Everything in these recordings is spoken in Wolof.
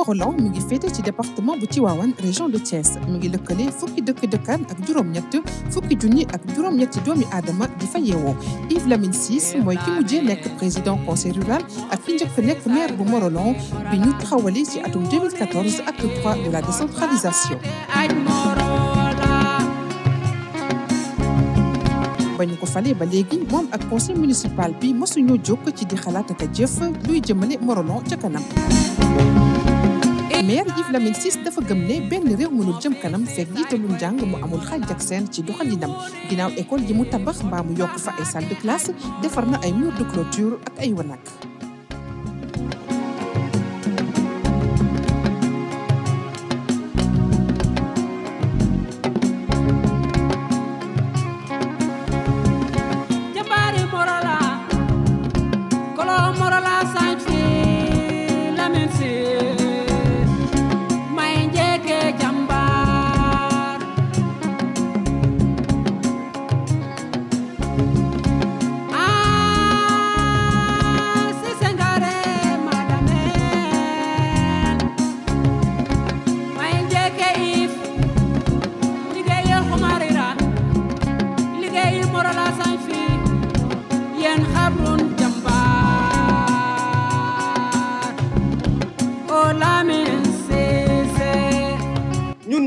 Morolan mu ngi féete ci département bu Tivaouane région de Thiès mu ngi lëkkale fukki de dëkkaan ak juróom-ñett fukki junni ak juróom-ñetti doomi aadama di fa yeewoo Yves Lamine Ciss mooy ki mujjee nekk président conseil rural ak ki njëkk nekk maire bu Morolan bi ñu taxawale ci atum 2014 acte 3 de la décentralisation ba ñu ko falee ba léegi moom ak conseil municipal bi mësuñoo jóg ci di xalaat ak a jëf luy jëmale Morolan ca kanam maire Yves Lamine Ciss dafa gëm ne benn réew mënul jëm kanam fekk jiitalu njàng mu amul xaaj ak seen ci doxalinam ginnaaw école ji mu tabax mbaa mu yokk fa ay salle de classe defar na ay mur de clôture ak ay wanak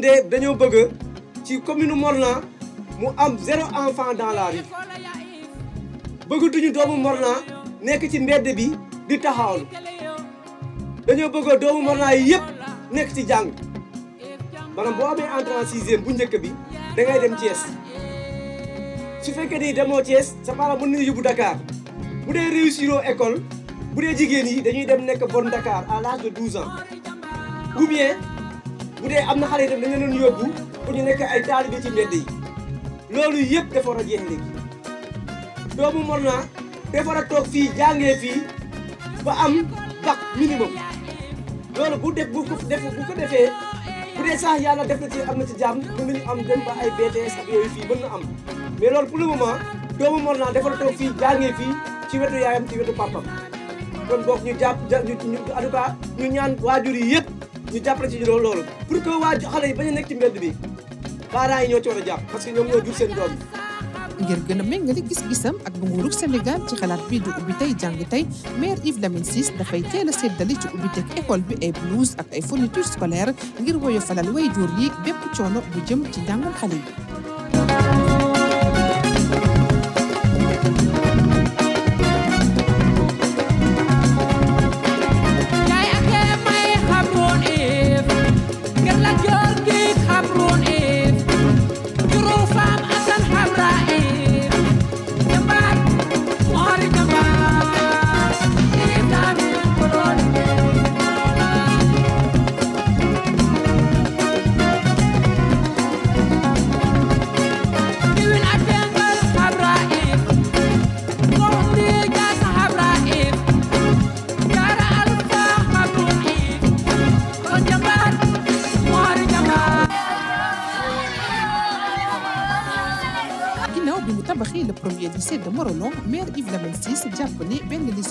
de dañoo bëgg ci commune Morlan mu am zéro enfant dans la rue doomu Morlan nekk ci mbedd bi di taxawlu dañoo bëgg doomu Morlan yi yëpp nekk ci jàng maanaam boo amee entrée en sixième bu njëkk bi da ngay dem Thiès su fekkee ni demoo Thiès sa parent mën nañu yóbbu bu dee réussiroo école bu dee jigéen yi dañuy dem nekk bon Dakar à l'âge de 12 ans bu dee am na xale itam dañu leen yóbbu pour ñu nekk ay taalibe ci mbedd yi loolu yëpp dafa war a jeex léegi doomu mor naa dafa war a toog fii jàngee fii ba am bac minimum loolu bu def bu ko def bu ko defee bu dee sax yàlla def na ci am na ci jàmm mën nañu am dem ba ay BTS ak yooyu fii mën na am mais loolu pour le moment doomu mor naa dafa war a toog fii jàngee fii ci wetu yaayam ci wetu papam kon boog ñu jàpp ñu en tout cas ñu ñaan waajur yi yëpp ñu jàppale ci loolu loolu pour que waa xale yi bañ a nekk ci mbedd bi parents yi ñoo ci war a jàpp parce que ñoom ñoo jur seen doom ngir gën a méngale gis-gisam ak bu nguurug Sénégal ci xalaat bii di ubbi tey jàng tey maire dafay teel a séddale ci ubbi teg école bi ay blouse ak ay fourniture scolaire ngir woyofalal way jur yi bépp coono bu jëm ci jàngum xale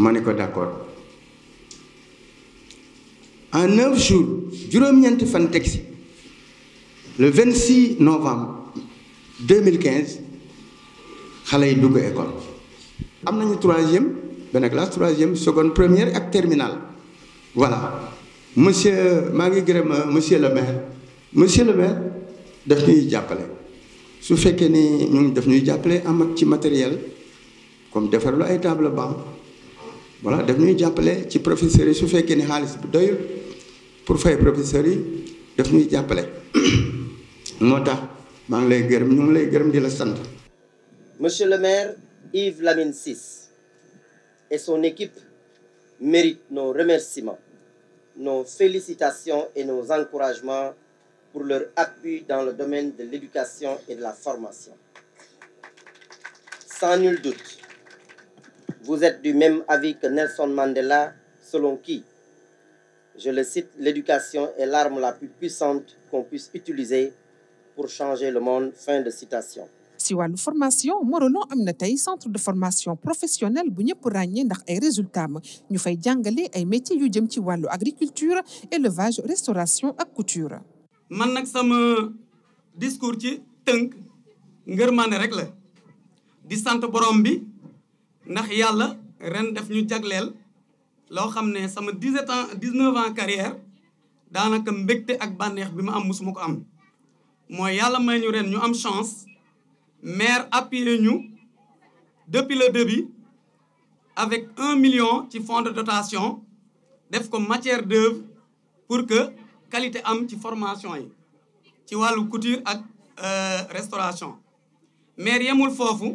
Maniko d'accord en neuf jours juróom ñent fan taxi le 26 novembre 2015 xalé yi dugg école ñu 3 troisième benn classe troisième seconde première et terminale voilà monsieur Marie ngi euh, monsieur le maire monsieur le maire daf ñuy jappalé su fekké ni ñu daf ñuy jappalé am ak ci matériel comme defarlu ay table banque voilà daf ñuy jàppale ci professeurs yi su fekkee ni xaalis bi doyul pour faire professeurs yi daf ñuy jàppale moo tax la sant. Monsieur le maire Yves Lamine 6 et son équipe méritent nos remerciements, nos félicitations et nos encouragements pour leur appui dans le domaine de l'éducation et de la formation. Sans nul doute, vous êtes du même avis que Nelson Mandela, selon qui, je le cite, l'éducation est l'arme la plus puissante qu'on puisse utiliser pour changer le monde. Fin de citation. si une formation nous am un centre de formation professionnelle bu ñëpp ràññee ndax ay résultats Nous ñu fay jàngale ay métiers yu jëm ci agriculture élevage restauration et couture. man nag sama discours ci tënk ngërmaane rek la di sant borom ndax yàlla ren def ñu sama ans carrière daanaka mbégte ak am chance depuis le début avec un million ci fonds de dotation def ko matière d'œuvre pour que qualité am formation yi ci couture ak euh, restauration maire yemul foofu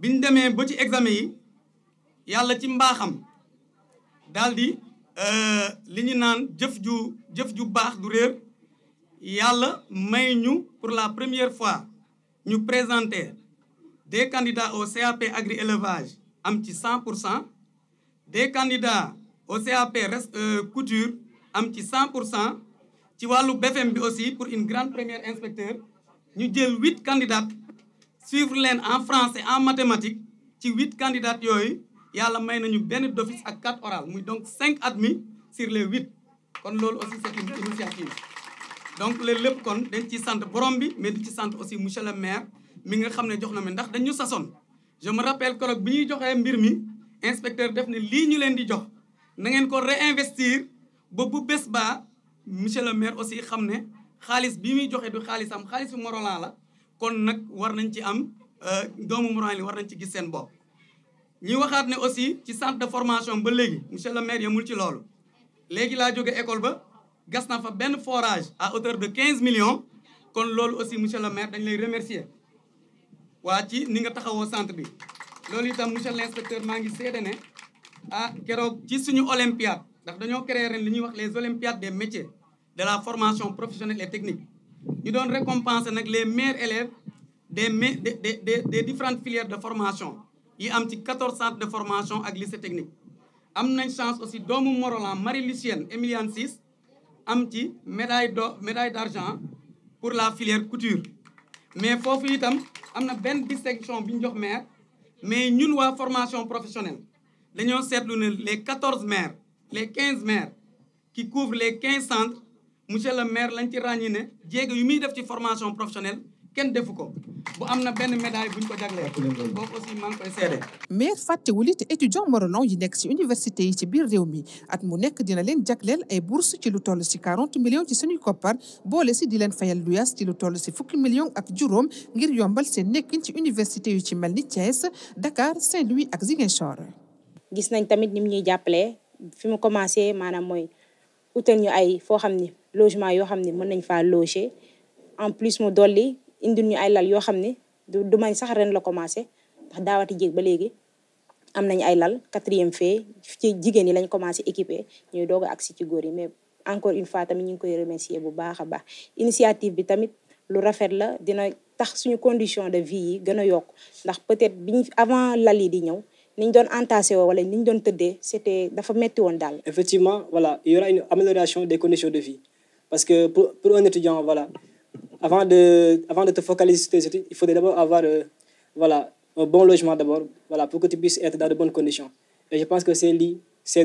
biñ demee ba ci examen yi yalla ci mbaxam daldi euh liñu jëf ju pour la première fois nous présenter des candidats au CAP agri élevage am ci 100 des candidats au CAP euh, couture am petit 100 tu ci BFM aussi pour une grande première inspecteur ñu jël 8 candidats suivre len en français en mathématiques ci 8 candidats yoy yalla may nañu ben d'office ak 4 oral muy donc 5 admis sur les 8 kon lool aussi c'est une initiative donc le lepp kon dañ ci sant borom bi mais di ci sant aussi monsieur le maire mi nga xamné jox na mi ndax dañu sasoon je me rappelle que bi ñuy joxé mbir mi inspecteur def ni li ñu leen di jox na ngeen ko réinvestir ba bu bes ba monsieur le maire aussi xamné ne bi muy joxé du xaalisam xaalis bi Morolan la kon nak war nañ ci am euh, doomu Mont war nañ ci gis seen bopp. ñuy waxaat ne aussi ci centre de formation ba léegi monsieur le maire yamul ci loolu léegi laa jóge école ba gas na fa benn forage à hauteur de 15 millions kon loolu aussi monsieur le maire dañ lay remercier waa ci ni nga taxawoo centre bi. loolu itam monsieur l' inspecteur maa ngi seede ne ah keroog ci suñu olympiade ndax dañoo créer ren wax les olympiades des métiers de la formation professionnelle et technique. Ils donnent récompenser récompenses les meilleurs élèves des différentes filières de formation Il y a 14 centres de formation à lycée technique. am une chance aussi doomu Morolan Marie Lucienne Emiliane 6 une médaille médaille d'argent pour la filière couture. mais il itam am na une distinction bi ñu jox mais mais ñun une formation professionnelle Nous avons les 14 maires les 15 maires qui couvrent les 15 centres monsieur le maire lañ ci ràññi ne jéego yu mi def ci formation professionnelle kenn defuko bu amna ben médaille buñ ko jagleel boobu aussi mang koy sédé maire faté wulit étudiant morolon yi nek ci université yi ci biir réew mi at mu nek dina leen jagleel ay bourse ci lu toll ci 40 millions ci suñuy copar bolé ci di leen fayal luyaas ci lu toll ci fukki millions ak djuroom ngir yombal seen nek ci université yu ci melni Thiès Dakar Saint-Louis ak Ziguinchor gis nañ tamit nim ñuy jàppale fi mu commencé manam moy utal ñu ay fo xamni logement yo xam ne mën nañ fa loger en plus mo dolli indil ñu ay lal yo xam du may sax ren la commencé ndax dawati jéeg ba légui am nañ ay lal 4e fee ci jigen ni lañ commencé équiper ñuy doga ak agsi ci góor yi mais encore une fois tamit ñu koy remercier bu baaxa a baax initiative bi tamit lu rafet la dina tax suñu condition de vie yi gën a ndax peut-être biñ avant lali di ñew niñ doon entassé woo wala niñ doon tëddee c'était dafa metti won dal effectivement voilà il y aura une amélioration des conditions de vie parce que pour, un étudiant, voilà, avant de, avant de te focaliser sur tes études, il faut d'abord avoir euh, voilà, un bon logement d'abord, voilà, pour que tu puisses être dans de bonnes conditions. Et je pense que ces lits, ces,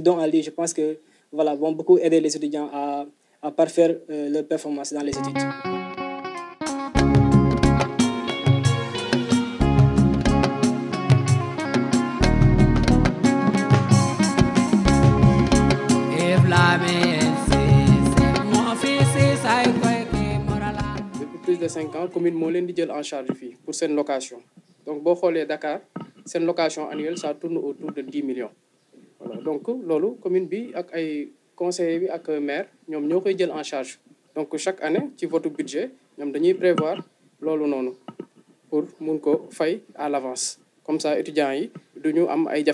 dons à lits, je pense que voilà, vont beaucoup aider les étudiants à, à parfaire leurs leur performance dans les études. de 5 ans commune moo en charge pour cette location donc boo les Dakar cette location annuelle ça tourne autour de 10 millions donc la commune bi ak ay conseiller bi ak maire Nous ñokay en charge donc chaque année ci votre budget nous dañuy prévoir non pour mun ko fay à l'avance comme ça étudiants yi duñu am ay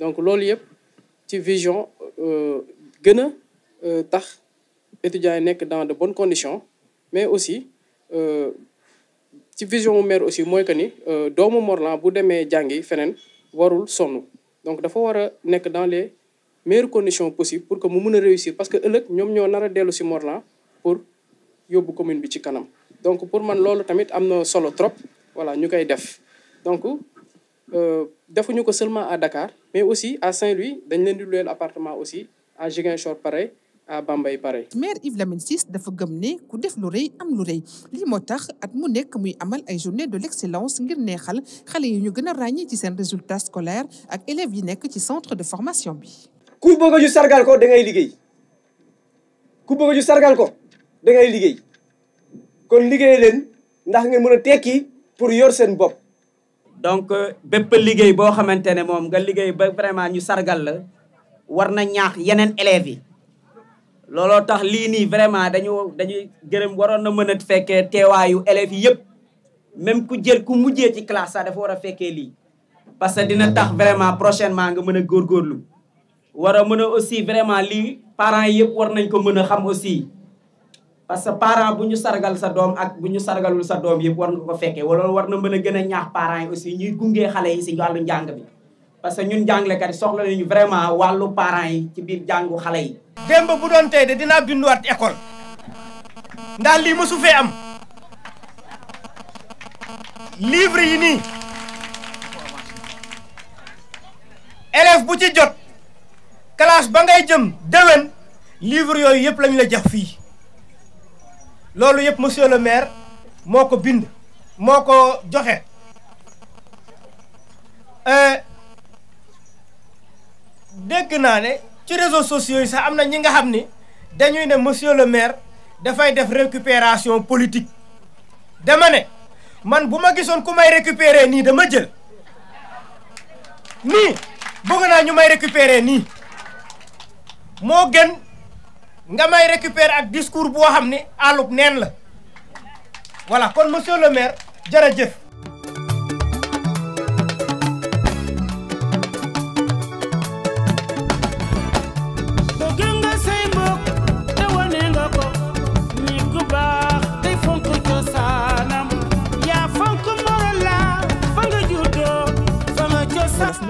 donc lolu yépp ci vision est euh, que euh, tax étudiants sont dans de bonnes conditions mais aussi euh, ci vision mu maire aussi mooy que ni euh, doomu Mont Rolland bu demee jàngi feneen warul sonn donc dafa war a nekk dans les meilleures conditions possibles pour que mu mun a réussir parce que ëllëg ñoom ñoo nar a dellu si Mont pour yóbbu commune bi ci kanam donc pour man loolu tamit am na solo trop voilà ñu koy def donc euh, defuñu ko seulement à Dakar mais aussi à Saint-Louis dañ leen di luyeel appartement aussi à Ziguinchor pareil à Bambey pareil. maire Yves Lamine Ciss dafa gëm ne ku def lu rëy am lu rëy lii moo at mu nekk muy amal ay journée de l'excellence, excellence ngir neexal xale yi ñu gën a ràññee ci seen résultat scolaire ak élèves yi nekk ci centre de formation bi. ku bëgg ñu sargal ko da ngay liggéey ku bëgg ñu sargal ko da ngay liggéey kon liggéey leen ndax ngeen mën a pour yor seen bopp. donc euh, bépp liggéey bo xamantene mom moom nga liggéey ba vraiment ñu sargal la war na ñaax yenen élèves looloo tax lii nii vraiment dañu dañuy gërëm waroon na mën a fekkee teewaayu élèves yi yëpp même ku jël ku mujjee ci classe sax dafa war a fekkee lii parce que dina tax vraiment prochainement nga mën a góorgóorlu war a mën a aussi vraiment lii parents yëpp war nañ ko mën a xam aussi parce que parent bu ñu sargal sa doom ak bu ñu sargalul sa doom yëpp war nga ko fekkee wala war na mën a gën a ñaax parents yi aussi ñuy gungee xale yi si wàllu njàng bi parce que ñun jàngalekat kat soxla nañu vraiment walu parents yi ci biir jàngu xale yi. démb bu doon tey de dinaa binduwaat école ndax lii mësu fee am livre yi nii élève bu ci jot classe ba ngay jëm déwén livre yooyu yépp lañ la jox fii loolu yépp monsieur le maire moo ko bind moo ko joxe. Euh, dégg naa ci réseaux sociaux yi sax am na le maire dafay def récupération politique dama ne man bu ma gisoon récupérer nii dama jël nii bëgg ñu may récupérer nii moo gën nga may récupérer ak discours ni voilà kon monsieur le maire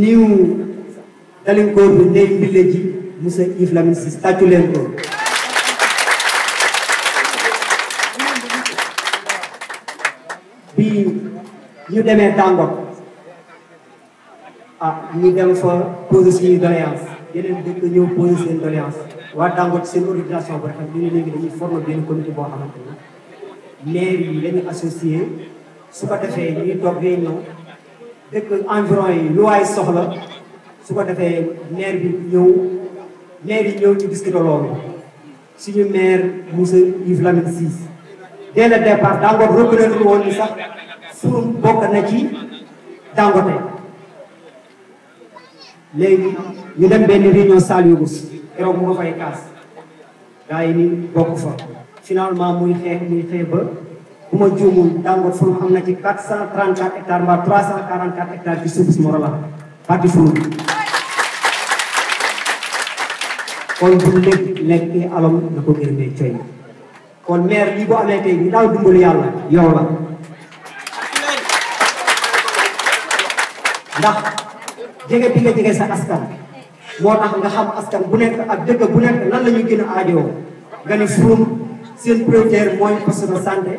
new telling code with den village musa iflamin si statulen ko bi ñu demee tango ah ñu dem fa poser suñuy doléance yeneen dëkk ñëw poser seen doléance waa tàngoor seen organisation bu rafet ñu ne léegi dañuy former benn comité boo xamante ni maire yi la ñu associé su ko defee ñuy toog réunion dëkk environ yi lu waay soxla su ko defee maire bi ñëw maire yi ñëw ñu discuté loolu suñu maire Moussa Yves Lamine Cissé dès le départ Dangote reconnaître woon ni sax Forum bokk na ci Dangote léegi ñu dem benn réunion salle yu gus keroog mu nga fay kaas gars yi ni bokk fa finalement muy xeex muy xeex ba bu ma juumul tàngoor fulu am na ci 434 hectares mbaa 344 hectares ci suuf morala ba fàtti fulu kon bu nek nekk alam da ko gërëmee coy kon maire li bo amé tay ni daw dimbali yalla yow ya la ndax jégué bi nga jégué sa askan moo tax nga xam askan bu nek ak dëgg bu nek lan lañu gëna gën gëna aajowoo sen projet moy seen prioritaire de santé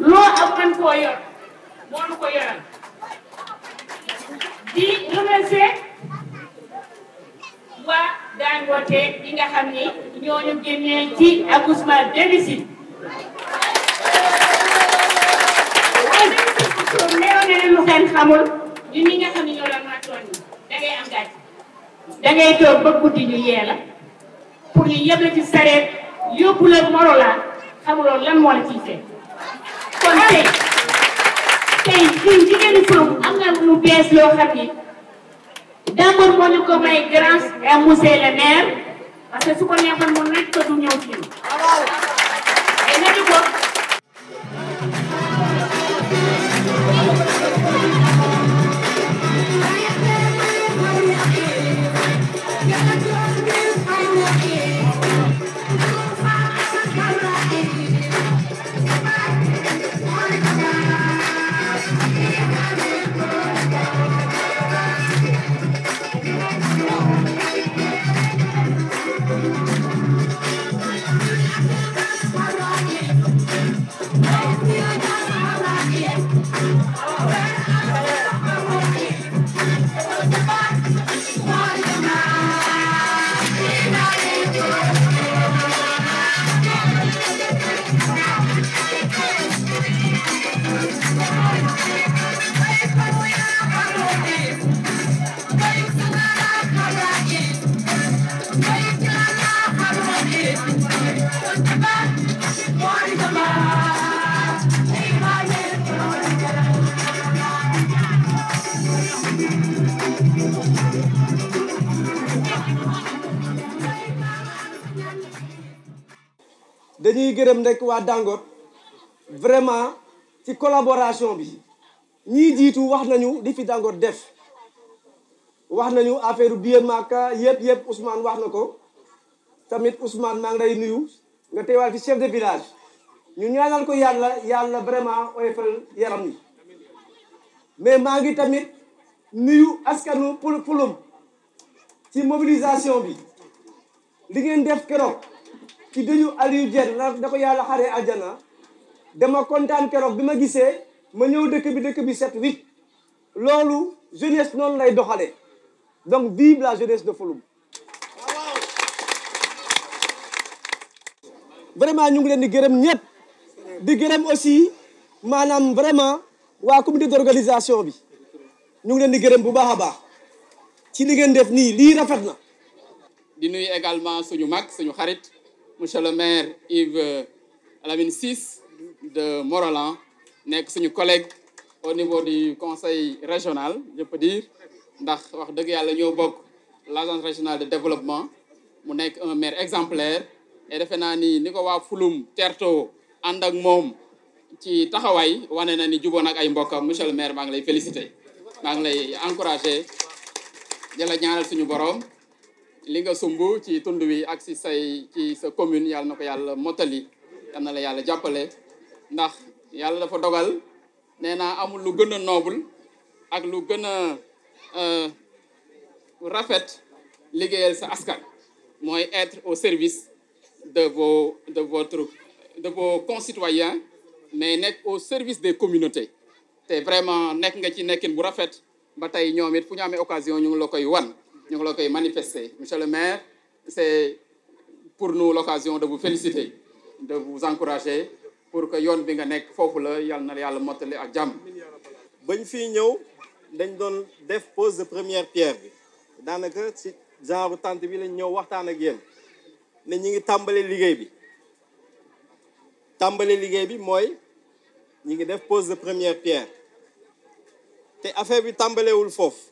loo am gën koo yor moo nu ko yoral di remercier waa Dangote nga xam ni ñoo ñu génnee ci accouchement difficile lu xeen xamul ñu ñi nga xam ne ñoo la màccoon ni da ngay am gàcc da ngay toog ba guddi ñu yee la pour ñu yëpp la ci sareet yóbbu la morolaan xamuloon kon tey tey fii jigéenu am na lu bees loo xam ni d'abord moo ñu ko may grâce à monsieur le maire parce que su ko neexoon mu nekk du ñëw fii. d'ango vraiment c'est collaboration bi ni dit wax nañu di fi avons def wax nañu affaire Maka yep yep Ousmane wax tamit Ousmane maa nuyu nga chef de village nous ñaanal ko yalla yalla vraiment faire mais nous tamit askanu mobilisation Nous ci dëju Aliou na da ko yalla xare aljana dama contane keroog bima gisé ma ñew dëkk bi dëkk bi set wit lolu jeunesse non lay doxalé donc vive la jeunesse de Foulom vraiment ñu ngi leen di gërëm ñet di gërëm aussi manam vraiment wa comité d'organisation bi ñu ngi leen di gërëm bu baaxa baax ci li ngeen def ni li rafet na di nuyu également suñu mag suñu xarit monsieur le maire Yves euh, Alamine Ciss de Moralan nous suñu collègue au niveau du conseil régional je peux dire ndax wax dëgg l'agence régionale de développement Nous sommes un maire exemplaire et sommes tous les ni Fouloum, Fulum terto andang ak qui ci taxawaay wane ni monsieur le maire je vous lay féliciter vous encourage. lay encourager remercie la li nga sumb ci tund wi ak si say ci sa commune yàlla na ko yàlla mottali yal na la yàlla jàppale ndax yàlla dafa dogal nee naa amul lu gën a noble ak lu gën a euh, rafet liggéeyal sa askan mooy être au service de vos de votre de vos concitoyens mais nekk au service des communauté te vraiment nekk nga ci nekkin bu rafet ba tey ñoom it fu ñu amee occasion ñu ngi la koy wan ñu ngi manifesté, manifester monsieur le maire c'est pour nous l'occasion de vous féliciter de vous encourager pour que yoon bi nga nekk foofu la yal na yàlla mottali ak jàmm. bañ fii ñëw dañ doon def pose de première pierre bi daanaka ci genre tente bi lañ ñëw waxtaan ak yéen ne ñu ngi tàmbali liggéey bi tàmbali liggéey bi mooy ñu ngi def pose de première pierre te affaire bi tàmbalewul foofu.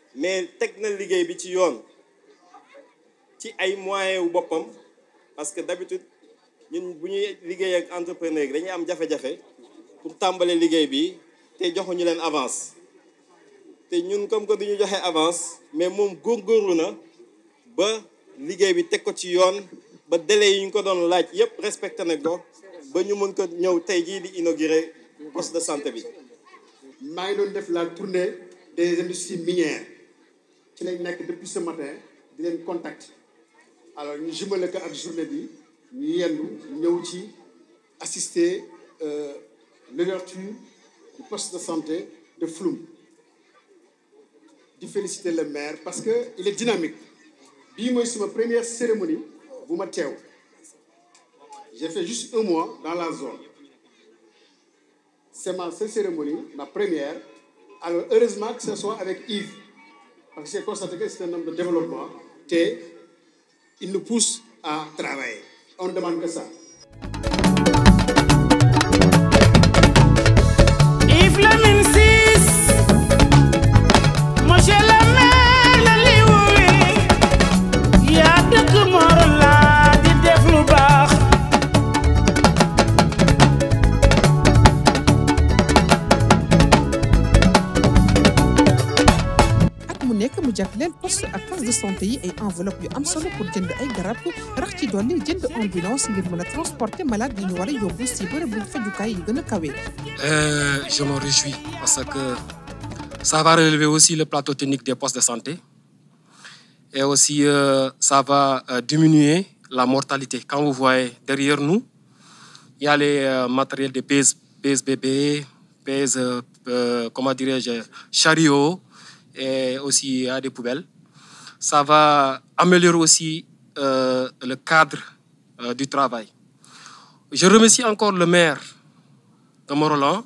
mais teg na bi ci yoon ci ay parce que d'habitude ñun ak entrepreneur pour tàmbale bi avance te ñun comme duñu avance mais moom góorgóorlu ba bi ko ci ba délai ñu ko laaj respecté na ba ñu ko ñëw inaugurer poste de santé bi maa ngi la tournée des industries minières depuis ce matin di leen contact alors ñu jumale ko ak journée bi ñu yendu ñëw ci assister euh, l'ouverture du poste de santé de Floum di féliciter le maire parce que il est dynamique bii mooy première cérémonie vous ma j'ai fait juste un mois dans la zone c'est ma cérémonie ma première alors heureusement que ce soit avec Yves que c'est constaté que c'est un homme de développement et il nous pousse à travailler. On ne demande que ça. jàppaleen poste ak case de santé yi ay enveloppe yu am solo pour jënd ay garab rax ci dolli jënd ambulance ngir mën a transporter malade yi ñu war a yóbbu si bërëbu fajukaay yi gën a kawe. Euh, je m'en réjouis parce que ça va relever aussi le plateau technique des postes de santé et aussi euh, ça va euh, diminuer la mortalité. Quand vous voyez derrière nous, il y a les euh, matériels de PS, PSBB, bébé, euh, euh, comment dirais-je, chariot et aussi à des poubelles. Ça va améliorer aussi euh, le cadre euh, du travail. Je remercie encore le maire de Mont-Roland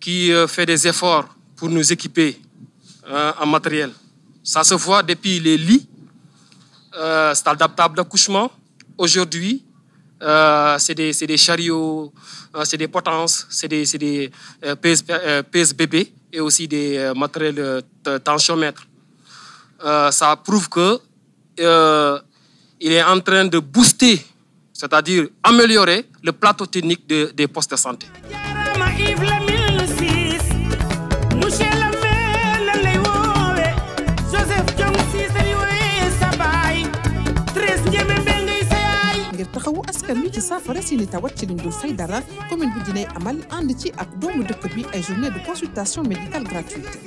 qui euh, fait des efforts pour nous équiper en matériel. Ça se voit depuis les lits, c'est adaptable d'accouchement. Aujourd'hui, euh, c'est des, chariots, euh, c'est des potences, c'est des, euh, PSBB et aussi des matériels de tensiomètre. ça prouve que il est en train de booster, c'est-à-dire améliorer le plateau technique des postes de santé. askan wi ci saafara seeni tawat ci liñ dul fay dara commune bi dinay amal ànd ci ak doomu dëkk bi ay journée de consultation médicale gratuite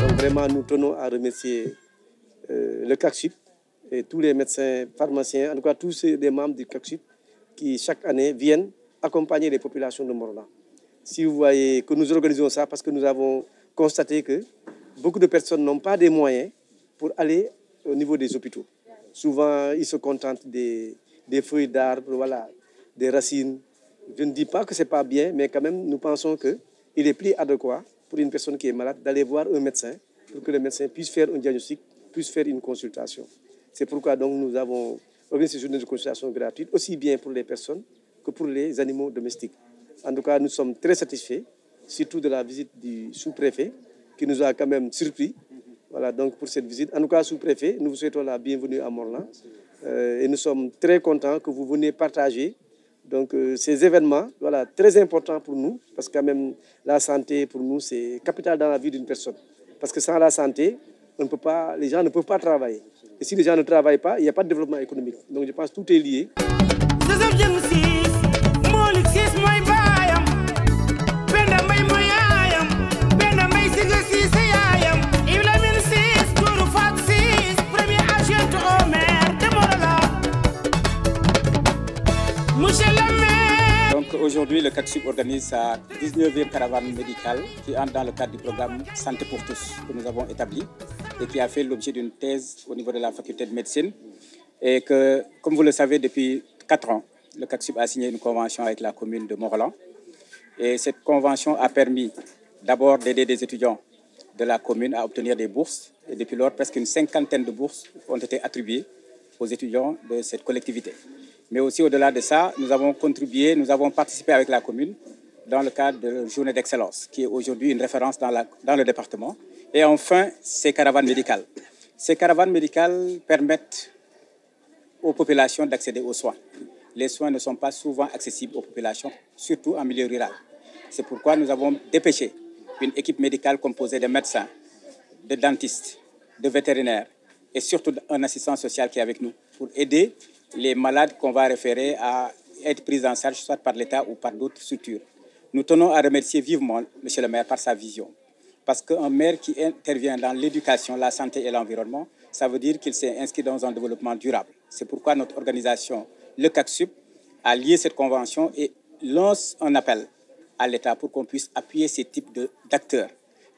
Donc vraiment, nous tenons à remercier euh, le CACSUP et tous les médecins, pharmaciens, en tout cas tous les membres du CACSUP qui chaque année viennent accompagner les populations de Morona. Si vous voyez que nous organisons ça parce que nous avons constaté que beaucoup de personnes n'ont pas des moyens pour aller au niveau des hôpitaux. Souvent, ils se contentent des, feuilles d'arbres, voilà, des racines. Je ne dis pas que ce n'est pas bien, mais quand même, nous pensons qu'il est plus adéquat pour une personne qui est malade d'aller voir un médecin pour que le médecin puisse faire un diagnostic, puisse faire une consultation. C'est pourquoi donc nous avons organisé une journée de consultation gratuite, aussi bien pour les personnes que pour les animaux domestiques. En tout cas, nous sommes très satisfaits, surtout de la visite du sous-préfet, qui nous a quand même surpris. Voilà, donc pour cette visite. En tout cas, sous-préfet, nous vous souhaitons la bienvenue à Morlan. Euh, et nous sommes très contents que vous venez partager donc, euh, ces événements. Voilà, très importants pour nous, parce que quand même, la santé, pour nous, c'est capital dans la vie d'une personne. Parce que sans la santé, on peut pas, les gens ne peuvent pas travailler. Et si les gens ne travaillent pas, il n'y a pas de développement économique. Donc je pense que tout est lié. aujourd'hui, le CACSUP organise sa 19e caravane médicale qui entre dans le cadre du programme Santé pour tous que nous avons établi et qui a fait l'objet d'une thèse au niveau de la faculté de médecine. Et que, comme vous le savez, depuis 4 ans, le CACSUP a signé une convention avec la commune de Morlan, Et cette convention a permis d'abord d'aider des étudiants de la commune à obtenir des bourses. Et depuis lors, presque une cinquantaine de bourses ont été attribuées aux étudiants de cette collectivité. Mais aussi au-delà de ça, nous avons contribué, nous avons participé avec la commune dans le cadre de la journée d'excellence, qui est aujourd'hui une référence dans, la, dans, le département. Et enfin, ces caravanes médicales. Ces caravanes médicales permettent aux populations d'accéder aux soins. Les soins ne sont pas souvent accessibles aux populations, surtout en milieu rural. C'est pourquoi nous avons dépêché une équipe médicale composée de médecins, de dentistes, de vétérinaires et surtout d'un assistant social qui est avec nous pour aider les malades qu'on va référer à être pris en charge soit par l'État ou par d'autres structures. Nous tenons à remercier vivement M. le maire par sa vision. Parce qu'un maire qui intervient dans l'éducation, la santé et l'environnement, ça veut dire qu'il s'est inscrit dans un développement durable. C'est pourquoi notre organisation, le CACSUP, a lié cette convention et lance un appel à l'État pour qu'on puisse appuyer ces types d'acteurs.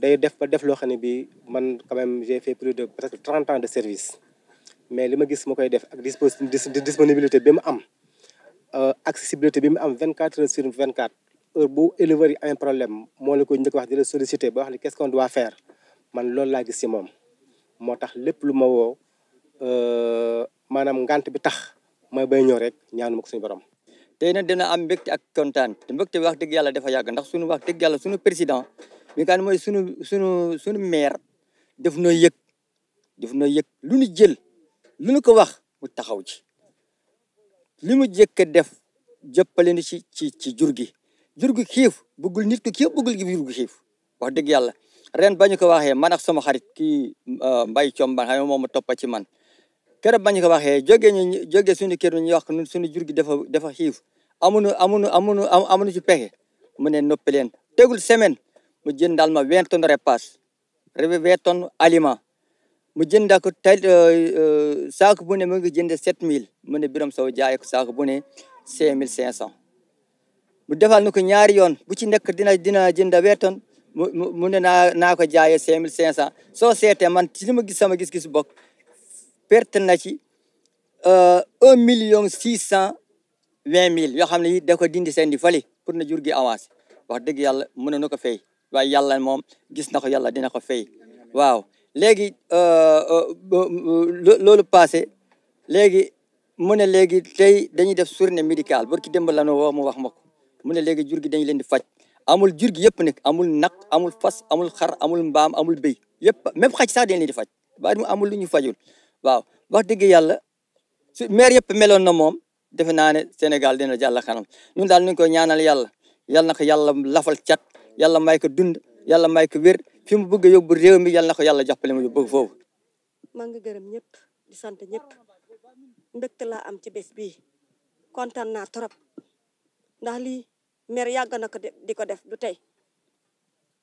day def ba def loo xam ne bii man quand même j'ai fait plus de être 30 ans de service mais lima ma gis mo koy def ak disponibilité bi mu am euh, accessibilité bi mu am 24 heures sur 24 heure bu éleveur yi amee problème moo la koy njëkk wax di la sollicité ba wax li qu'est-ce qu'on doit faire man loolu laa gis si moom moo tax lépp lu ma woo euh, maanaam ngant bi tax may bay ñëw rek ñaanu ma ko suñu borom tey nag dina am mbégte ak kontaan mbégte wax dëgg yàlla dafa yàgg ndax suñu wax dëgg yàlla suñu président mi kaan mooy sunu sunu sunu maire def no yëg def noo yëg lu nu jël lu nu ko wax mu taxaw ci li mu jëkk def jëppale ni ci ci ci jur gi jur gi xiif bëggul nit ku xiif bëggul gi jur gi wax dëgg yàlla ren ba ñu ko waxee man sama xarit kii euh, mbay combaan xam moom mu toppa ci man keroog ba ñu ko waxee jógee ñu jógee suñu kër ñu wax suñu jur gi dafa dafa xiif amuñu amuñu amuñu amuñu ci pexe mu ne noppi leen tegul semaine mu jëndal ma vingt tonnes repas vingt tonnes aliment mu jënda ko tel euh, euh, saako bu ne mu ngi jënd sept mille mu ne Sow jaay ko saako bu ne mille cinq cent mu defal nu ko ñaari yoon bu ci nekk dina dina jënda vingt tonnes mu mu ne naa naa ko jaayee cinq mille cinq cent soo seetee man ci li ma gis ma gis-gis bokk perte na ci euh, un million six cent vingt mille yoo xam ne da ko dindi seen di fali pour na jur gi avancé wax dëgg yàlla mën na ko fay waaye yàlla moom gis na ko yàlla dina ko fay waaw léegi euh, euh, euh, loolu passé léegi mu ne léegi tey dañuy def journée médicale barki démb la nu woo mu wax ma ko mu ne léegi jur gi dañ leen di faj amul jur gi yëpp amul nag amul fas amul xar amul mbaam amul béy yëpp même xaj sax dañ leen di faj ba amul lu ñu fajul waaw wax dëgg yàlla su maire yëpp meloon na moom defe naa ne Sénégal dina jàll kana ñun daal ñu koy ñaanal yàlla yàlla na ko lafal cat yàlla may ko dund yàlla may ko wér fi mu bëgg a yóbbu réew mi yàlla na ko yàlla jàppale mu yóbbu foofu. maa ngi gërëm ñëpp di sant ñëpp mbégte la am ci bés bii kontaan naa trop ndax lii maire yàgg na ko di ko def du tey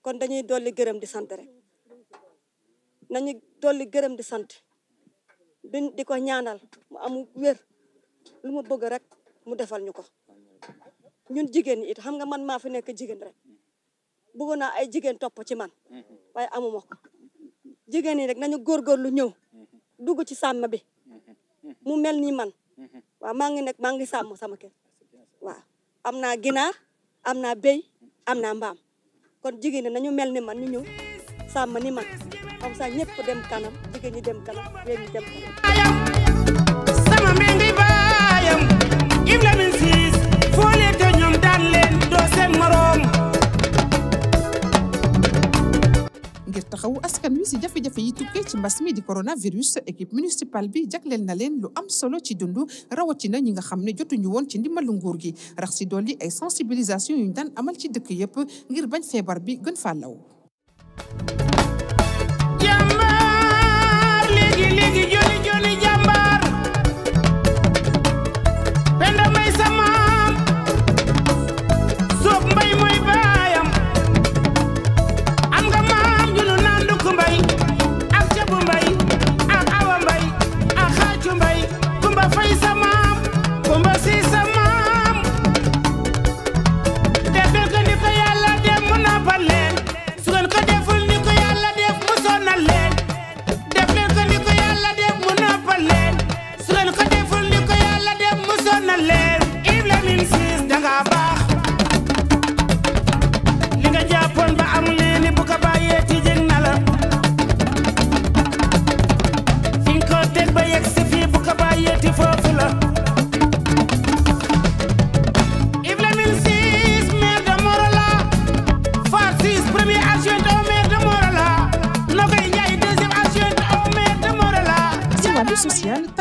kon dañuy dolli gërëm di sant rek nañu dolli gërëm di sant di di ko ñaanal mu amu wér lu mu bëgg rek mu defal ñu ko ñun jigéen ñi it xam nga man maa fi nekk jigéen rek. bëgg ay jigen top ci man mhm. waaye amuma ko jigéen ñi rek nañu lu ñew mhm. duggu ci sam bi mhm. mu melni man wa ma ngi nek ma ngi sam sama kër wa amna naa amna am amna mbam kon jigen ni nañu melni man ñu ñew sam ni man comme ça ñepp dem kanam jigen ni dem kanam réew dem kanam sama ngir taxawu askan wi si jafe-jafe yi tukkee ci mbas mi di coronavirus équipe municipale bi jagleel na leen lu am solo ci dund rawatina ñi nga xam ne jotuñu woon ci ndi ndimbalu nguur gi rax si dolli ay sensibilisation yu ñu daan amal ci dëkk yëpp ngir bañ feebar bi gën faa law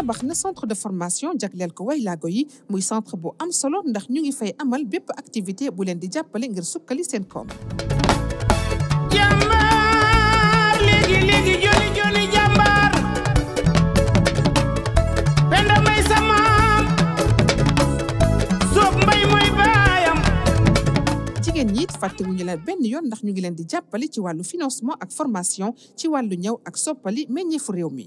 tabax na centre de formation jagleel ko way laago yi muy centre bu am solo ndax ñu ngi fay amal bép activité bu len di jàppale ngir sukkali sen kom jàmbaar léegi léegi joli joli jàmbaar. Penda may sama soob mbay mooy baayam. jigéen ñi it fàttewuñu la benn yoon ndax ñu ngi leen di jàppale ci walu financement ak formation ci walu ñew ak soppali meññeefu réew mi.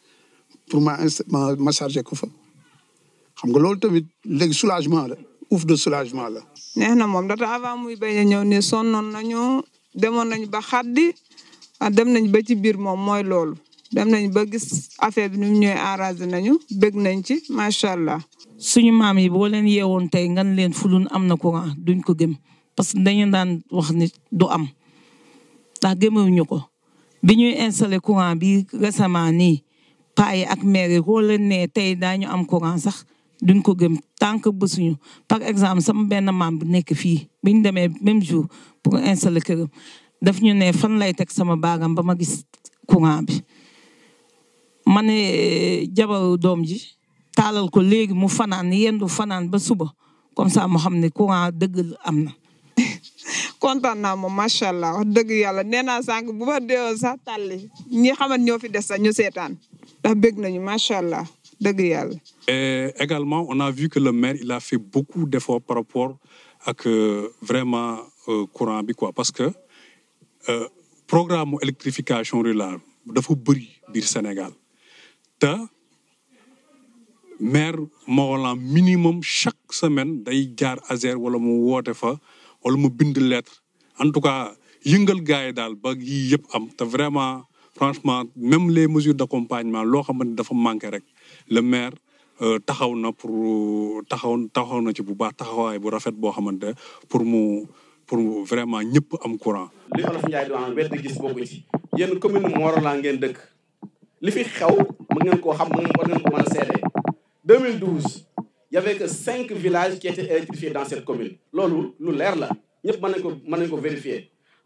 pour ma ma ma chargé ko fa xam nga loolu tamit léegi soulagement la ouf de soulagement la. neex na moom data avant muy bañ a ñëw nii sonnoon nañu demoon nañu ba xaddi ah, dem nañ ba ci biir moom mooy loolu dem nañ ba gis affaire bi nu ñooy enragé nañu bëgg nañ ci macha allah. suñu maam yi boo leen yeewoon tey ngan leen fulun am na courant duñ ko gëm parce que dañu daan wax ni du am ndax gëmewuñu ko bi ñuy installé courant paa yi ak maire yi koo leen ne tey daañu am courant sax duñ ko gëm tant que bésuñu par exemple sama benn maam bu nekk fii biñ demee même jour pour installer këram daf ñu ne fan lay teg sama baagam ba ma gis courant bi ma ne eh, jabaru doom ji taalal ko léegi mu fanaan yendu fanaan ba suba comme ça mu xam ne courant dëgg am na kontaan naa moom macha allah wax dëgg yàlla nee naa sànq bu ma ñoo fi des sax ñu seetaan et également on a vu que le maire il a fait beaucoup d'efforts par rapport à euh, vraiment euh, courant parce que le euh, programme électrification rurale dafa dans le Sénégal le maire un minimum chaque semaine day à Azer wala mu woote fa wala lettre en tout cas il y a un ba qui ont am vraiment. franchement même les mesures d'accompagnement loo xamante dafa manqué rek le maire euh, taxaw na pour euh, taxaw taxaw na ci bu baax taxawaay bu rafet boo xamante pour mu pour vraiment ñëpp am courant. li olof Ndiaye di wax wedd gis bokku ci yéen commune Morolan ngeen dëkk li fi xew mën ngeen koo xam mën ngeen ko mën a seede 2012 y avait que cinq villages qui étaient dans cette commune loolu lu leer la ñëpp mën nañ ko mën nañ ko vérifier.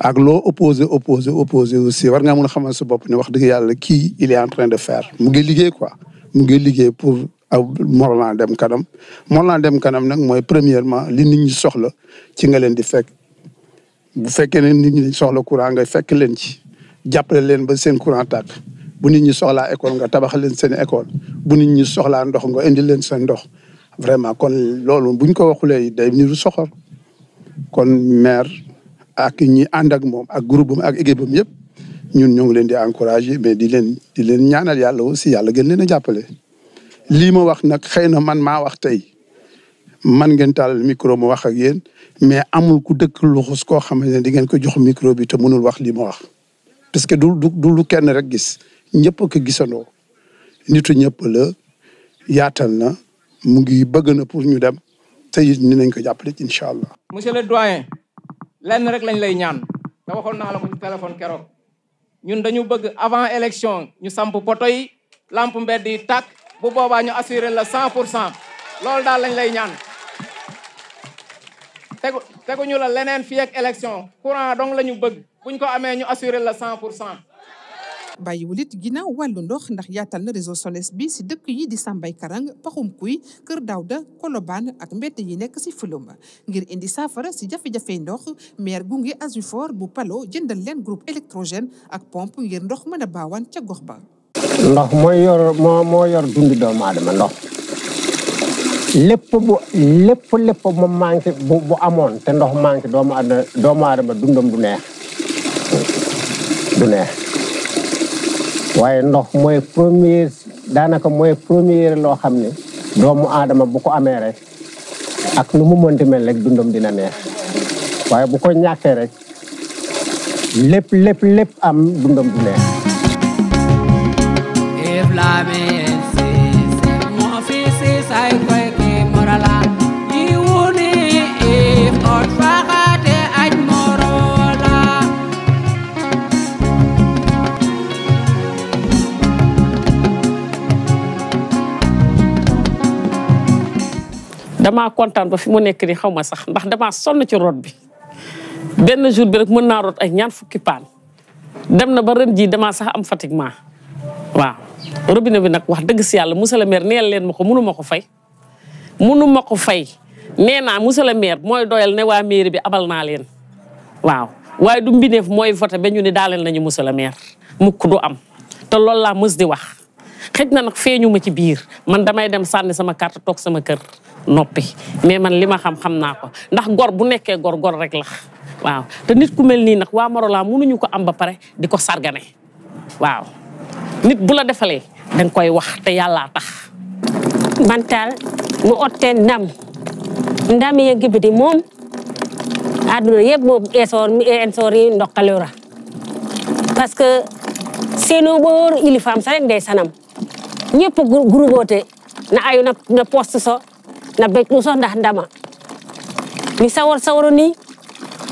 ak loo opposé opposé opposé aussi war ngaa mën a xamal sa bopp ne wax dëgg yàlla kii il est en train de faire mu ngi liggéey quoi mu ngi liggéey pour aw Mont dem kanam morlan dem kanam nag mooy premièrement li nit ñi soxla ci nga leen di fekk bu fekkee ne nit ñi soxla courant nga fekk leen ci jàppale leen ba seen courant tàkk bu nit ñi soxlaa école nga tabax leen seen école bu nit ñi soxlaa ndox nga indi leen seen ndox vraiment kon loolu buñ ko waxulee day niru soxor kon maire ak ñi ànd ak moom ag groupe am ak équipe am yëpp ñun ñoo ngi leen di encouragé mais di leen di leen ñaanal yàlla si yàlla gën leen a jàppale. lii ma wax nag xëy na man maa wax tey man ngeen tàllal micro ma wax ak yéen mais amul ku dëkk luxus koo xam ne di ngeen ko jox micro bi te mënul wax lii ma wax. parce que du du du lu kenn rek gis ñëpp ko gisandoo nitu ñëpp la yaatal na mu ngi bëgg na pour ñu dem te it ni nañ ko jàppale incha allah. lenn rek lañ lay ñaan te waxoon naa la ko téléphone keroog ñun dañu bëgg avant élection ñu samp poto yi lamp mbedd yi tàkk bu boobaa ñu assuré la cent pour cent loolu daal lañ lay ñaan tegu ñu la leneen fii ak élection courant dong la ñu bëgg buñ ko amee ñu assuré la cent pour cent bàyyiwul it ginnaaw wàllu ndox ndax yaatal na réseau SONES bi si dëkk yi di Sambay Karang Paxum Kuy Kër Daawda Kolobaan ak mbedd yi nekk si Fulum ngir indi saafara si jafe-jafe ndox maire gunge Asufor bu Palo jëndal leen groupe électrogène ak pompe ngir ndox mën a baawaan ca gox ba. ndox mooy yor moo moo doomu aadama ndox lépp bu lépp lépp mu manqué bu amoon te ndox manqué doomu aadama dundam du neex du waaye ndox mooy premier daanaka mooy premier loo xam ne doomu aadama bu ko amee rek ak nu mu mënti mel rek dundam dina neex waaye bu ko ñàkkee rek lépp lépp lépp am dundam du neex damaa kontaan ba fi mu nekk nii xaw ma sax ndax damaa sonn ci root bi benn jour bi rek mën naa root ay ñaan fukki paan dem na ba ren jii damaa sax am fatiguement waaw robine bi nag wax dëgg si yàlla monsieur le maire leen ma ko mënu ma ko fay mënu ko fay nee naa monsieur le maire mooy doyal ne waa mairie bi abal naa leen waaw waaye du mbineef mooy voté ba ñu ne daaleel nañu monsieur le maire mukk du am te loolu laa mës di wax xëj na nag feeñu ma ci biir man damay dem sànni sama carte toog sama kër noppi mais man lima xam xam naa ko ndax gor bu nekkee gor gor rek la waaw te nit ku nii nag waa Marola mënuñu ko am ba pare di ko sargane waaw nit bu la defalee danga koy wax te yàllaa tax man taal mu ottee ndam ndam ye gibidi moom àdduna yëpp moom esoor esoor parce que seeno boor ilifam sa rek ndey sanam ñëpp groupe na ayu na poste so na betnu so nda ndama mi sawor sawro ni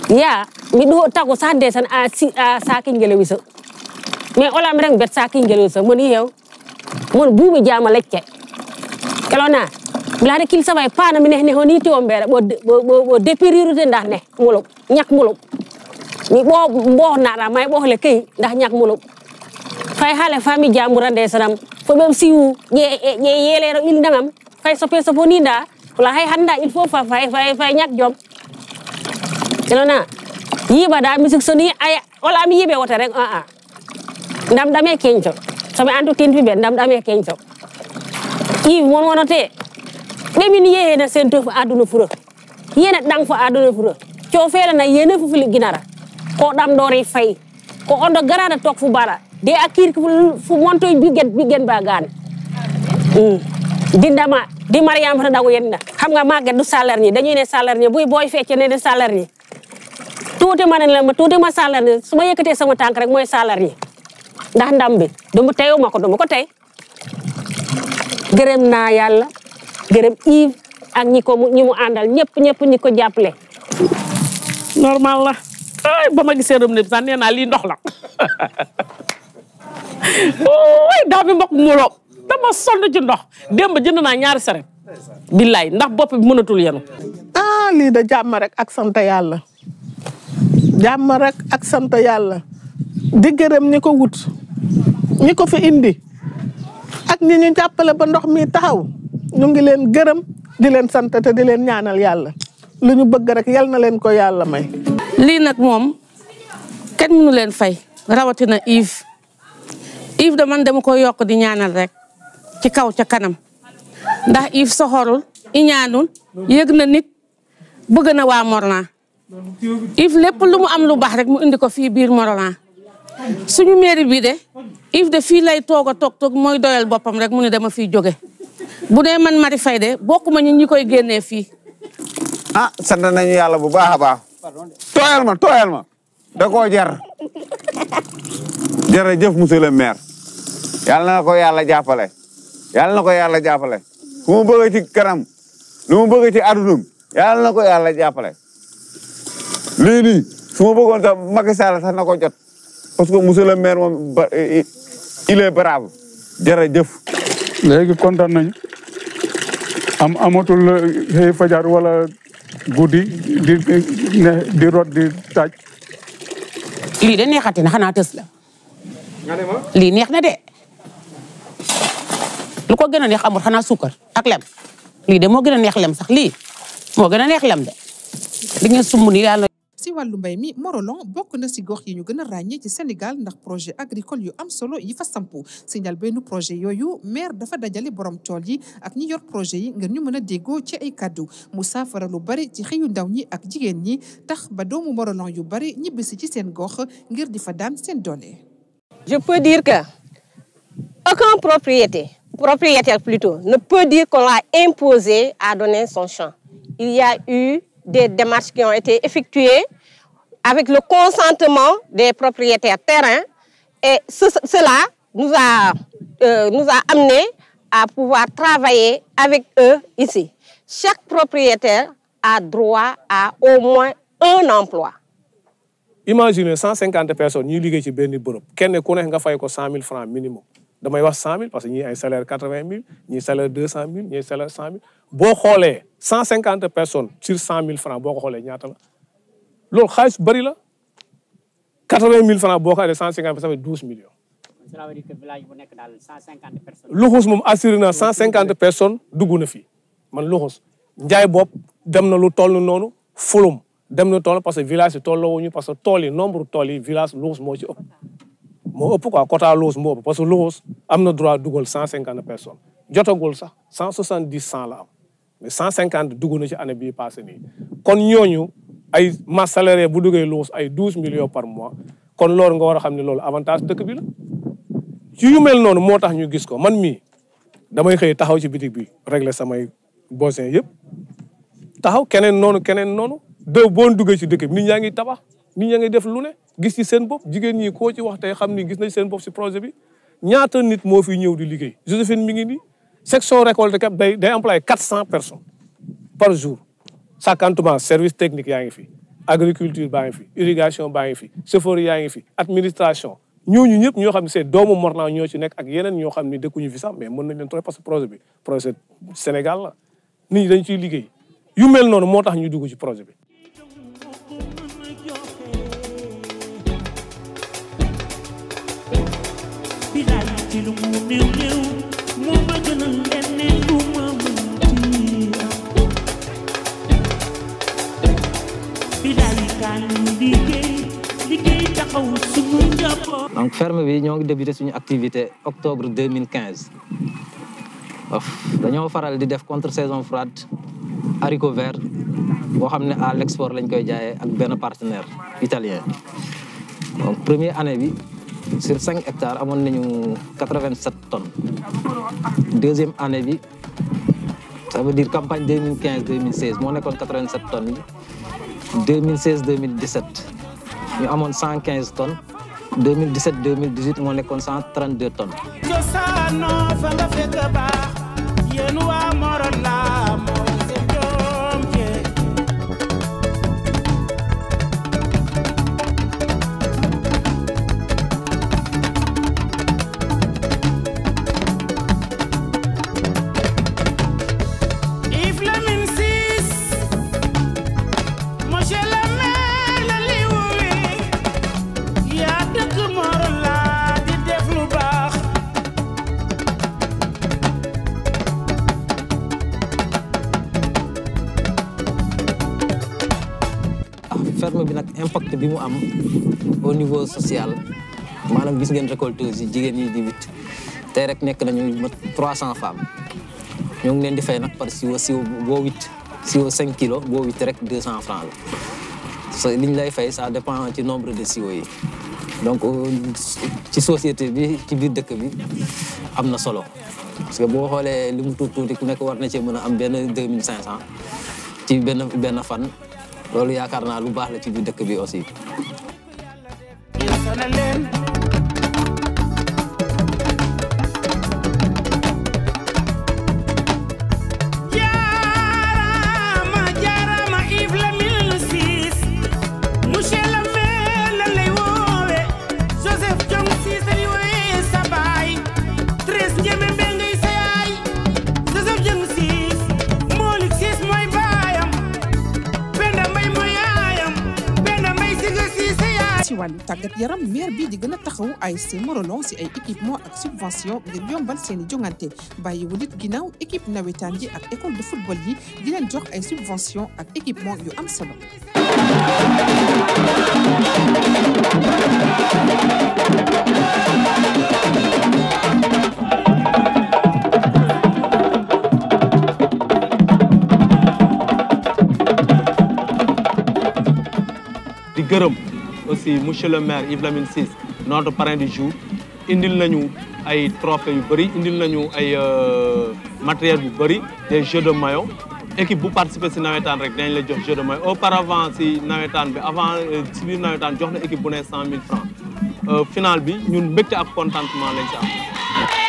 ya mi do ta ko sande san a si a saki ngele wiso me ola mi reng bet saki ngele wiso mon yew mon buumi jama lecce kelona blade kil sabay na mi ne honi to bo bo bo ne mulo nyak mulo mi bo bo ra may bo le nyak ndax nyak mulo fay hale fami rande sanam fo bem siwu ye ye ro il ndangam fay sope sopo ni nda kula hay handa il faut fa fay fay fay ñak jom yi ba da musique soni ay wala mi yibe wota rek ah ah ndam dame kenjo somi andu fi be ndam dame kencho yi mon wonote be min na sento fu aduna furo yena dang fu aduna furo cho fela na yena fu fili ginara ko dam dore fay ko ondo garana tok fu bara de akir fu monto bigen bigen ba gan hmm dindama di mariam fa dago yenn xam nga maget du salaire salernya, dañuy ne salaire ni buy boy fecc ne ne salaire ni tuuti manen la ma tuuti ma salaire ni suma yëkëté sama tank rek moy salaire ni ndax ndam bi mu teyu mako du mako tay gërem na yalla gërem ak ñi ñi mu andal ñepp ñepp ñi ko jappalé normal la ay bama gisé rom ne sax néna li ndox la oy da bi mbok mu dama sonn ci ndox demb jënd na ñaari saret billahi ndax bop bi mënatul yenu ah li da jamm rek ak sante yalla jamm rek ak sante yalla di gërëm wut ñiko fi indi ak ñi ñu jappalé ba ndox mi taxaw ñu ngi leen gërëm di leen sante te di leen ñaanal yalla lu ñu bëgg rek yal na leen ko yalla may. li nak mom kenn mënu leen fay rawatina Yves Yves de man dama ko yok di ñaanal rek. ci kaw ca kanam ndax Yves soxorul iñaanul yëg na nit bëgg na waa Morolan Yves lépp lu mu am lu baax rek mu indi ko fi biir Morolan suñu mairie bi de Yves de fii lay toog a toog toog mooy doyal boppam rek mu ne dama fiy jóge bu dee man Marie Faye de bokkuma ñi ñi koy génnee fii ah sant nañu yàlla bu baax a baax tooyal ma tooyal ma da koo jar jërëjëf monsieur le maire yàlla na ko yàlla jàppale yalla na ko yàlla jàppale ku mu bëgg ci karam lu mu bëgg ci adunum yalla na ko yàlla jàppale lii nii su ma bëggoon sax Macky Sall sax nako jot parce que monsieur le maire mom il est brave jere def legui kontan nañ am amatul hey euh, fajar wala goudi di di rot di taaj li de neexati na xanaa tës la li neex na de lu ko gën a neex amul xanaa sukkar ak lem lii de moo gën a neex lem sax lii moo gën a neex lem de li ngeen sumb ni yàlla si wàllu mbay mi morolon bokk na si gox yi ñu gën a ràññee ci Sénégal ndax projet agricole yu am solo yi fa sampu si njëlbeenu projet yooyu maire dafa dajale borom tool yi ak ñi yor projet yi ngir ñu mën a déggoo ci ay kàddu mu saafara lu bari ci xëyu ndaw ñi ak jigéen ñi tax ba doomu morolon yu bari ñibbisi ci seen gox ngir di fa daan seen doole. Je peux dire que aucun propriété propriétaire plutôt, ne peut dire qu'on l'a imposé à donner son champ. Il y a eu des démarches qui ont été effectuées avec le consentement des propriétaires terrains. Et cela nous a, euh, nous a amené à pouvoir travailler avec eux ici. Chaque propriétaire a droit à au moins un emploi. Imaginez 150 personnes, nous avons 100 000 francs minimum. damay wax cent mil parce que ñi ay salaire quatre vingt mille ñi salaire deux cent mille ñi salaire cent mille boo xoolee cent cinquante personnes sur cent mille francs boo ko xoolee ñaata la loolu xaalis bëri la quatre vingt mille francs boo ko xoolee cent cinquante ça fait douze millions. cent cinquante personnes. Loxos moom assuré na cent cinquante personnes dugg na fi man Loxos njaay bopp dem na lu toll noonu fulum dem na toll parce que village yi tolloo wuñu parce que tool yi nombre tool yi village Loxos moo ci ëpp. moo ëpp quoi a loos moo ëpp parce que loos am na droit dugal cent cinquante personnes jotagul sax cent soixante dix cent la am mais cent cinquante dugg na ci année bi passé nii kon ñooñu ay masse bu duggee loos ay douze millions par mois kon loolu nga war a xam ne loolu avantage dëkk bi la ci yu mel noonu moo tax ñu gis ko man mii damay xëy taxaw ci bitig bi régler samay bosin yëpp taxaw keneen noonu keneen noonu doo boon duggee ci dëkk bi ñaa ngi tabax nit avons ngi def lu ne gis ci seen bopp jigéen ñi koo ci wax ni nañ projet bi ñaata Josephine mi section récolte des day personnes par jour fait service technique agriculture irrigation baa fi fait. administration ñooñu ñëpp ñoo xam c'est doomu des ñoo ci nekk ak ñoo ne fi mais mën nañ leen parce que projet projet Sénégal nit dañ yu mel projet donc ferme bi ñoo ngi débuté suñu activité octobre 2015 of dañoo faral di def contre saison froide haricot vert boo xam ne à l'export lañ koy jaayee ak partenaire italien donc première année bi sur cinq hectares amoon nañu quatre-vingt-sept tonnes deuxième année bi ça veut dire campagne 2015 2016 moo nekkoon quatre-vingt-sept tonnes yi 2016 2017 ñu amoon cent quinze tonnes 2017 2018 moo nekkoon cent trente-deux tonnes. impact bi mu am au niveau social maanaam gis ngeen récolteuses yi jigéen yi di witt tey rek nekk nañu mat 300 femmes ñoo ngi leen di fay nag par siwo siwo boo witt siwo 5 kilos boo witt rek 200 francs la so li lay fay sa dépend ci nombre de siwo yi donc euh, ci société bi ci biir dëkk bi am na solo parce que boo xoolee li mu tuuti tuuti ku nekk war na cee mën a am benn 2500 ci benn benn fan. loolu yaakaar naa lu baax la ci dëkk bi aussi si wàllu tàggat yaram maire bii di gën a taxawu ASC Morolon si ay équipement ak subvention ngir yombal seen i jongante bàyyiwul nit ginnaaw équipe nawetaan yi ak école de football yi di leen jox ay subvention ak équipement yu am solo. di gërëm aussi M. le maire Yves Lamine 6, notre parrain du jour, il nous a des trophées, il nous a des euh, matériels, des jeux de maillot. Et qui vous participez si Nawetan avec Daniel Jeff Jeu de Moi. Auparavant, si Nawetan, avant de euh, subir Nawetan, j'ai une équipe de 100 000 francs. Au euh, final, nous sommes très contents de l'exemple.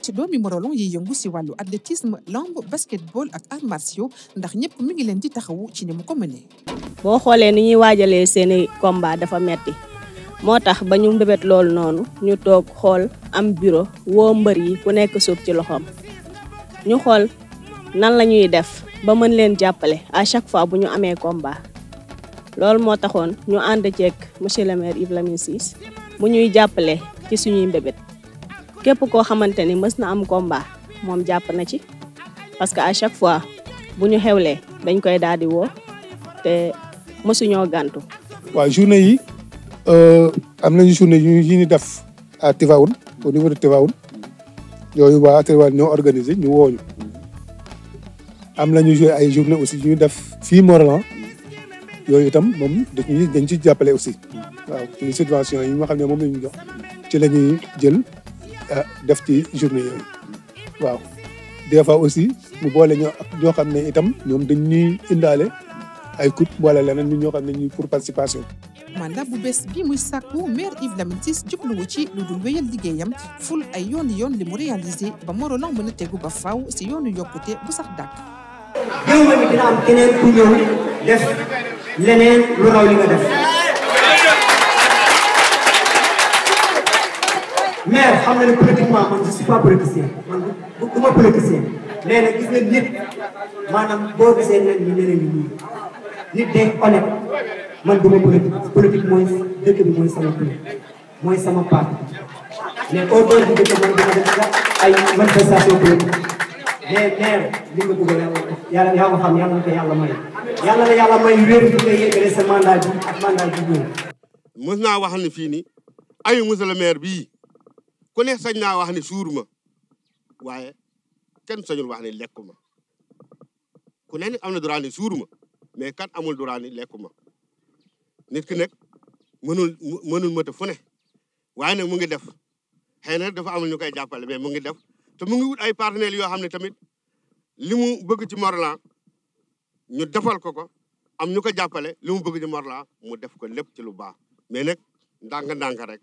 ci doomi Morolong yi yëngu si wàllu athlétisme lamb basketball ak arts martiaux ndax ñëpp mi ngi leen di taxawu ci ni mu ko mënee. boo xoolee ni ñuy waajalee seeni combat dafa metti moo tax ba ñu mbébét lool noonu ñu toog xool am bureau woo mbër yi ku nekk suuf ci loxoom ñu xool nan la ñuy def ba mën leen jàppale à chaque fois bu ñu amee combat loolu moo taxoon ñu ànd ceeg monsieur le maire Yves Lamine Ciss bu ñuy jàppale ci suñuy mbébét. képp koo xamante ni mës na am combat moom jàpp na ci parce que à chaque fois bu ñu xewlee dañ koy daal di woo te mësuñoo gàntu. waaw journée yi euh, am nañu journée yu ñu def à Tivaoune au niveau de Tivaoune yooyu waa Tivaoune ñoo ñu wooñu nañu joué ay journée aussi yu ñu def fii Morolan yooyu itam moom dañuy dañ ci jàppale aussi waaw ci subvention yi nga xam ne moom la ñu jox ci la ñuy jël. Ah, def ci journée yooyu waaw des fois aussi bu boole ñoo ñoo xam ne itam ñoom dañ ñuy indaale ay coupe boole leneen ñu ñoo xam ne ñuy pour participation mandat bu bees bi muy sàkku maire Yves Lamine Ciss jubluwu ci lu dul wéyal liggéeyam ful ay yoon yoon li mu réalisé ba morolam na tegu ba faaw si yoonu yokkute bu sax dàkk. déwén dina am keneen ku ñëw def maire xam na ne politiquement man je suis pas politicien man du ma politicien mais nag gis nga nit maanaam boo gisee nen ñi neneen ñi nit day honnête man du ma politique politique mooy dëkk bi mooy sama kër mooy sama parti mais au delà bi man dama def sax ay manifestation politique mais maire li nga dugal yàlla yaa ko xam yàlla na ko yàlla may yàlla na yàlla may wér bi nga yeggale sa mandat bi ak mandat bi naa wax ne fii ni ay monsieur le maire bii ku ne sañ naa wax ne ma waaye kenn sañul wax ne lekkuma ku ne am na droit ne suuruma mais kan amul droit ne lekkuma nit ki nag mënul mënul mëta fu ne waaye nag mu ngi def xëy na dafa amul ñu koy jàppale mais mu ngi def te mu ngi wut ay partenaires yoo xam ne tamit limu mu bëgg ci Morlan ñu defal ko ko am ñu ko jàppale li mu bëgg mu def ko lépp ci lu baax mais nag ndànk-ndànk rek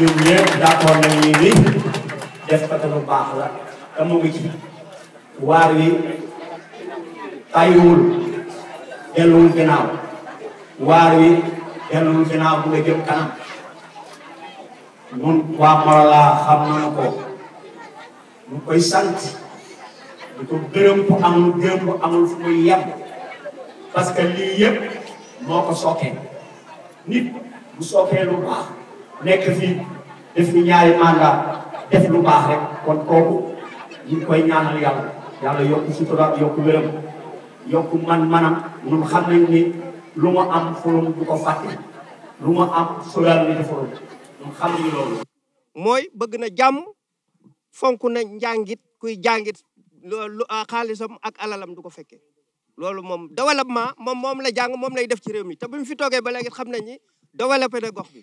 ñun ñëpp d'accord nañu ni def ko lu baax la te mu ngi waar wi tàyyiwul delluwul ginnaaw waar wi delluwul ginnaaw bu nga jëm kanam ñun waa Morola xam nañu ko ñu koy sant di ko gërëm amul gërëm ku amul fu muy yem parce que lii yëpp moo ko sookee nit bu sookee lu baax nekk fii def fi ñaari mandat def lu baax rek kon kooku ñu koy ñaanal yàlla yàlla yokk sutura yokk wéram yokk man-manam ñun xam nañ ni lu ma am forom du ko fàtte lu ma am solaal ni forom ñun xam nañu loolu mooy bëgg na jàmm fonk na njàngit kuy jàngit loolu ah, xaalisam ak alalam du ko fekkee loolu moom développement moom moom la jàng moom lay def ci réew mi te bu mu fi toogee ba léegi xam nañ ni développé na gox bi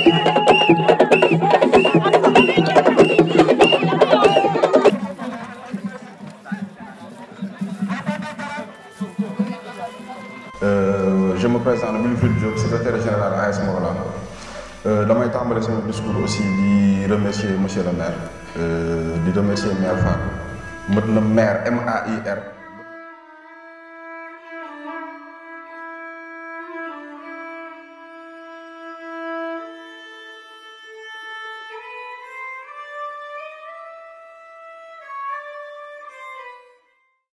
président de Wilfried Diop secrétaire général AS Morolan euh, damay tàmbale sama discours aussi di remercier monsieur le maire euh, di remercier maire Fall mët na maire M